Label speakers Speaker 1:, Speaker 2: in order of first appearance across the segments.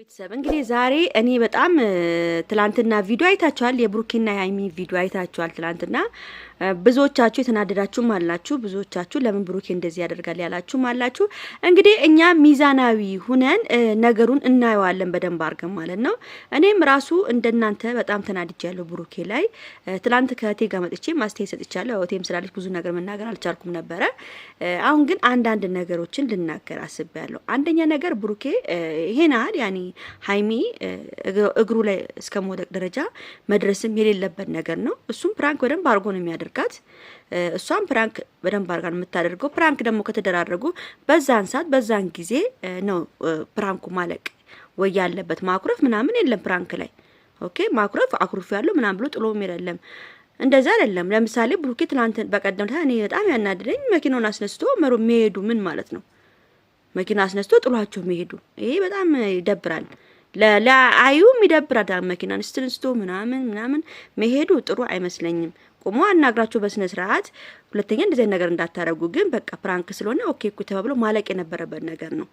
Speaker 1: ቤተሰብ እንግዲህ ዛሬ እኔ በጣም ትላንትና ቪዲዮ አይታችኋል። የብሩኬና የሀይሚ ቪዲዮ አይታችኋል ትላንትና። ብዙዎቻችሁ የተናደዳችሁም አላችሁ፣ ብዙዎቻችሁ ለምን ብሩኬ እንደዚህ ያደርጋል ያላችሁም አላችሁ። እንግዲህ እኛ ሚዛናዊ ሁነን ነገሩን እናየዋለን በደንብ አድርገን ማለት ነው። እኔም ራሱ እንደናንተ በጣም ተናድጃለሁ ብሩኬ ላይ። ትላንት ከእቴ ጋር መጥቼ ማስተያየት ሰጥቻለሁ። እቴም ስላለች ብዙ ነገር መናገር አልቻልኩም ነበረ። አሁን ግን አንዳንድ ነገሮችን ልናገር አስቤያለሁ። አንደኛ ነገር ብሩኬ ይሄናል ያኔ ሀይሚ እግሩ ላይ እስከ መውደቅ ደረጃ መድረስም የሌለበት ነገር ነው። እሱም ፕራንክ በደንብ አድርጎ ነው የሚያደርጋት። እሷም ፕራንክ በደንብ አድርጋ ነው የምታደርገው። ፕራንክ ደግሞ ከተደራረጉ በዛን ሰዓት በዛን ጊዜ ነው ፕራንኩ ማለቅ ወይ ያለበት። ማኩረፍ ምናምን የለም ፕራንክ ላይ ኦኬ። ማኩረፍ አኩርፍ ያለው ምናምን ብሎ ጥሎ የለም እንደዛ አይደለም። ለምሳሌ ብሩኬ ትናንት በቀደም እኔ በጣም ያናድደኝ መኪናውን አስነስቶ መሮ መሄዱ ምን ማለት ነው? መኪና አስነስቶ ጥሏቸው መሄዱ ይሄ በጣም ይደብራል። ለአዩም ይደብራል። መኪና አስነስቶ ምናምን ምናምን መሄዱ ጥሩ አይመስለኝም። ቆሞ አናግራችሁ በስነ ስርዓት። ሁለተኛ እንደዚህ ነገር እንዳታረጉ። ግን በቃ ፕራንክ ስለሆነ ኦኬ እኮ ተባብሎ ማለቅ የነበረበት ነገር ነው።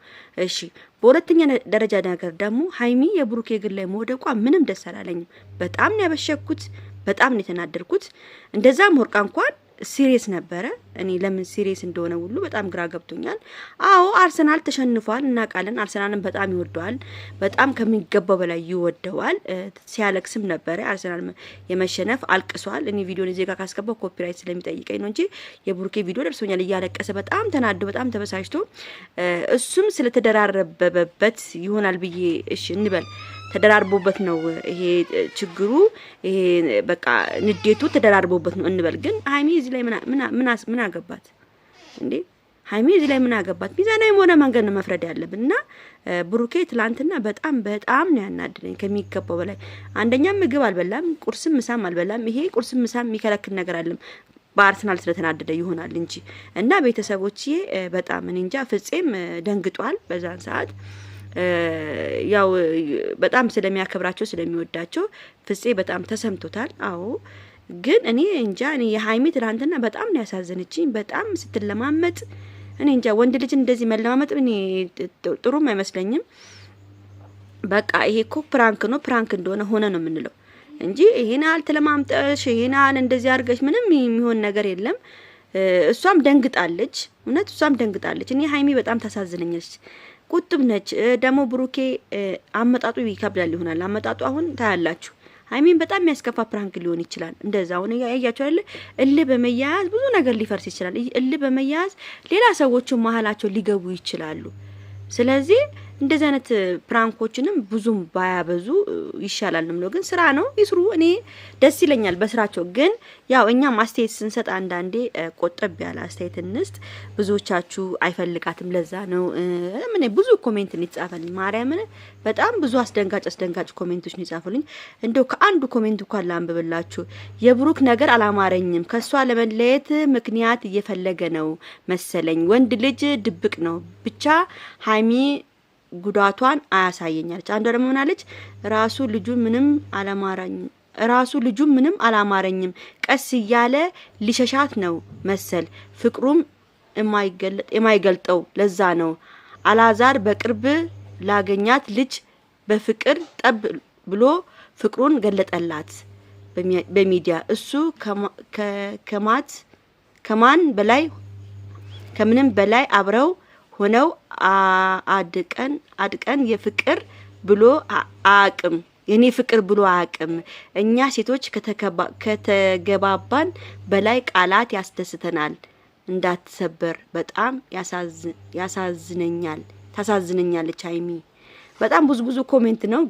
Speaker 1: እሺ፣ በሁለተኛ ደረጃ ነገር ደግሞ ሀይሚ የብሩኬ እግር ላይ መውደቋ ምንም ደስ አላለኝም። በጣም ነው ያበሸኩት። በጣም ነው የተናደርኩት። እንደዛም ወርቃ እንኳን ሲሪየስ ነበረ። እኔ ለምን ሲሪየስ እንደሆነ ሁሉ በጣም ግራ ገብቶኛል። አዎ አርሰናል ተሸንፏል፣ እናውቃለን። አርሰናልን በጣም ይወደዋል፣ በጣም ከሚገባው በላይ ይወደዋል። ሲያለቅስም ነበረ። አርሰናል የመሸነፍ አልቅሷል። እኔ ቪዲዮን እዚህ ጋር ካስገባው ኮፒራይት ስለሚጠይቀኝ ነው እንጂ የቡርኬ ቪዲዮ ደርሶኛል። እያለቀሰ በጣም ተናዶ፣ በጣም ተበሳጭቶ እሱም ስለተደራረበበት ይሆናል ብዬ እሺ እንበል ተደራርቦበት ነው ይሄ ችግሩ። ይሄ በቃ ንዴቱ ተደራርቦበት ነው እንበል። ግን ሀይሚ እዚህ ላይ ምን አገባት እንዴ? ሀይሚ እዚህ ላይ ምን አገባት? ሚዛናዊ የሆነ መንገድ ነው መፍረድ ያለብን እና ብሩኬ ትላንትና በጣም በጣም ነው ያናደደኝ ከሚገባው በላይ። አንደኛም ምግብ አልበላም፣ ቁርስም ምሳም አልበላም። ይሄ ቁርስም ምሳም የሚከለክል ነገር አለም በአርሰናል ስለተናደደ ይሆናል እንጂ እና ቤተሰቦች በጣም እኔ እንጃ ፍፄም ደንግጧል በዛን ሰዓት ያው በጣም ስለሚያከብራቸው ስለሚወዳቸው ፍፄ በጣም ተሰምቶታል። አዎ ግን እኔ እንጃ እኔ የሀይሚ ትላንትና በጣም ነው ያሳዘነችኝ። በጣም ስትለማመጥ እኔ እንጃ ወንድ ልጅ እንደዚህ መለማመጥ እኔ ጥሩም አይመስለኝም። በቃ ይሄ እኮ ፕራንክ ነው፣ ፕራንክ እንደሆነ ሆነ ነው የምንለው እንጂ ይሄን ያህል ተለማምጠሽ ይሄን ያህል እንደዚህ አድርገሽ ምንም የሚሆን ነገር የለም። እሷም ደንግጣለች፣ እውነት እሷም ደንግጣለች። እኔ ሀይሚ በጣም ታሳዝነኛለች። ቁጥብ ነች። ደግሞ ብሩኬ አመጣጡ ይከብዳል ይሆናል። አመጣጡ አሁን ታያላችሁ። ሀይሚን በጣም የሚያስከፋ ፕራንክ ሊሆን ይችላል። እንደዛ አሁን ያያችሁ አይደለ? እልህ በመያያዝ ብዙ ነገር ሊፈርስ ይችላል። እልህ በመያያዝ ሌላ ሰዎች መሀላቸው ሊገቡ ይችላሉ። ስለዚህ እንደዚህ አይነት ፕራንኮችንም ብዙም ባያበዙ ይሻላል ነው ግን ስራ ነው ይስሩ፣ እኔ ደስ ይለኛል በስራቸው። ግን ያው እኛም አስተያየት ስንሰጥ አንዳንዴ ቆጠብ ያለ አስተያየት እንስጥ። ብዙዎቻችሁ አይፈልጋትም፣ ለዛ ነው ምን ብዙ ኮሜንት ይጻፈልኝ። ማርያምን በጣም ብዙ አስደንጋጭ አስደንጋጭ ኮሜንቶች ይጻፉልኝ። እንደው ከአንዱ ኮሜንት እንኳን ላንብብላችሁ። የብሩክ ነገር አላማረኝም። ከሷ ለመለየት ምክንያት እየፈለገ ነው መሰለኝ። ወንድ ልጅ ድብቅ ነው ብቻ ሀይሚ ጉዳቷን አያሳየኛለች። አንዷ ደግሞ ምናለች ራሱ ልጁ ምንም አላማራኝም ራሱ ልጁ ምንም አላማረኝም። ቀስ እያለ ሊሸሻት ነው መሰል ፍቅሩም የማይገልጠው ለዛ ነው። አላዛር በቅርብ ላገኛት ልጅ በፍቅር ጠብ ብሎ ፍቅሩን ገለጠላት በሚዲያ እሱ ከማት ከማን በላይ ከምንም በላይ አብረው ሆነው አድቀን አድቀን የፍቅር ብሎ አቅም የኔ ፍቅር ብሎ አቅም እኛ ሴቶች ከተገባባን በላይ ቃላት ያስደስተናል። እንዳትሰበር በጣም ያሳዝነኛል ታሳዝነኛለች ሀይሚ። በጣም ብዙ ብዙ ኮሜንት ነው።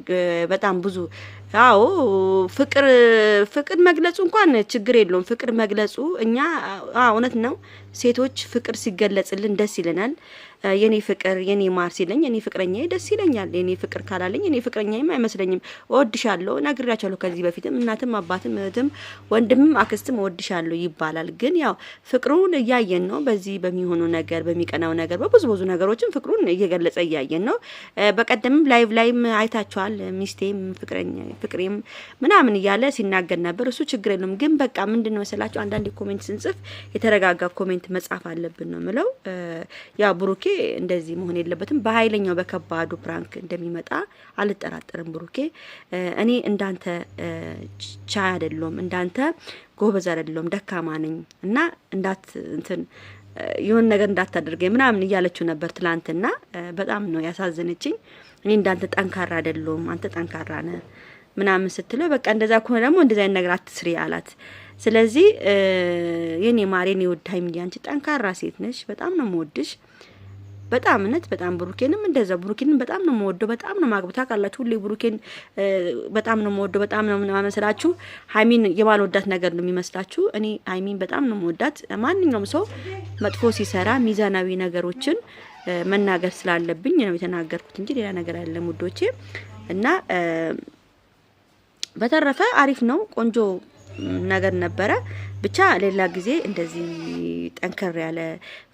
Speaker 1: በጣም ብዙ አዎ ፍቅር ፍቅር መግለጹ እንኳን ችግር የለውም። ፍቅር መግለጹ እኛ እውነት ነው፣ ሴቶች ፍቅር ሲገለጽልን ደስ ይለናል። የኔ ፍቅር የኔ ማር ሲለኝ የኔ ፍቅረኛ ደስ ይለኛል። የኔ ፍቅር ካላለኝ የኔ ፍቅረኛ አይመስለኝም። እወድሻለሁ፣ ነግሬያቸዋለሁ። ከዚህ በፊትም እናትም አባትም እህትም ወንድምም አክስትም እወድሻለሁ ይባላል። ግን ያው ፍቅሩን እያየን ነው። በዚህ በሚሆኑ ነገር በሚቀናው ነገር በብዙ ብዙ ነገሮችም ፍቅሩን እየገለጸ እያየን ነው። በቀደምም ላይቭ ላይም አይታቸዋል። ሚስቴም ፍቅረኛ ፍቅሬም ምናምን እያለ ሲናገር ነበር። እሱ ችግር የለውም ግን በቃ ምንድን ነው መሰላቸው አንዳንዴ ኮሜንት ስንጽፍ የተረጋጋ ኮሜንት መጻፍ አለብን ነው ምለው። ያ ብሩኬ እንደዚህ መሆን የለበትም። በኃይለኛው በከባዱ ፕራንክ እንደሚመጣ አልጠራጠርም። ብሩኬ እኔ እንዳንተ ቻይ አደለም እንዳንተ ጎበዝ አይደለሁም፣ ደካማ ነኝ እና እንዳት እንትን ይሁን ነገር እንዳታደርገኝ ምናምን እያለችው ነበር ትላንትና። በጣም ነው ያሳዘነችኝ። እኔ እንዳንተ ጠንካራ አይደለም አንተ ጠንካራ ነህ ምናምን ስትለው በቃ እንደዛ ከሆነ ደግሞ እንደዛ አይነት ነገር አትስሪ አላት። ስለዚህ የኔ ማር የኔ ውድ ሀይሚዬ አንቺ ጠንካራ ሴት ነሽ። በጣም ነው መወድሽ በጣም እውነት በጣም ብሩኬንም እንደዛ ብሩኬንም በጣም ነው የምወደው። በጣም ነው ማግብታ ካላችሁ ሁሌ ብሩኬን በጣም ነው የምወደው። በጣም ነው የማመስላችሁ። ሀይሚን ወዳት ነገር ነው የሚመስላችሁ። እኔ ሀይሚን በጣም ነው መወዳት ማንኛውም ሰው መጥፎ ሲሰራ ሚዛናዊ ነገሮችን መናገር ስላለብኝ ነው የተናገርኩት እንጂ ሌላ ነገር አይደለም ውዶቼ እና በተረፈ አሪፍ ነው፣ ቆንጆ ነገር ነበረ። ብቻ ሌላ ጊዜ እንደዚህ ጠንከር ያለ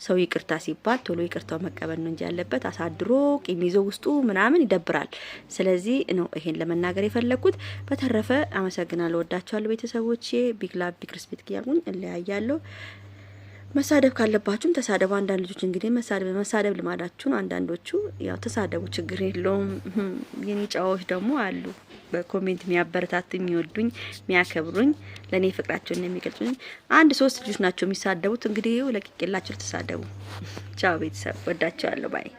Speaker 1: ሰው ይቅርታ ሲባል ቶሎ ይቅርታው መቀበል ነው እንጂ ያለበት አሳድሮ ቂም ይዞ ውስጡ ምናምን ይደብራል። ስለዚህ ነው ይሄን ለመናገር የፈለግኩት። በተረፈ አመሰግናለሁ፣ ወዳቸዋለሁ ቤተሰቦቼ። ቢግላ ላቭ ቢግ እያልኩኝ እለያያለሁ። መሳደብ ካለባችሁም ተሳደቡ። አንዳንድ ልጆች እንግዲህ መሳደብ መሳደብ ልማዳችሁን አንዳንዶቹ ያው ተሳደቡ፣ ችግር የለውም። የኔ ጫዎች ደግሞ አሉ በኮሜንት የሚያበረታት የሚወዱኝ፣ የሚያከብሩኝ ለእኔ ፍቅራቸውን የሚገልጹኝ አንድ ሶስት ልጆች ናቸው የሚሳደቡት። እንግዲህ ለቂቄላቸው ተሳደቡ። ቻው ቤተሰብ፣ ወዳቸዋለሁ። ባይ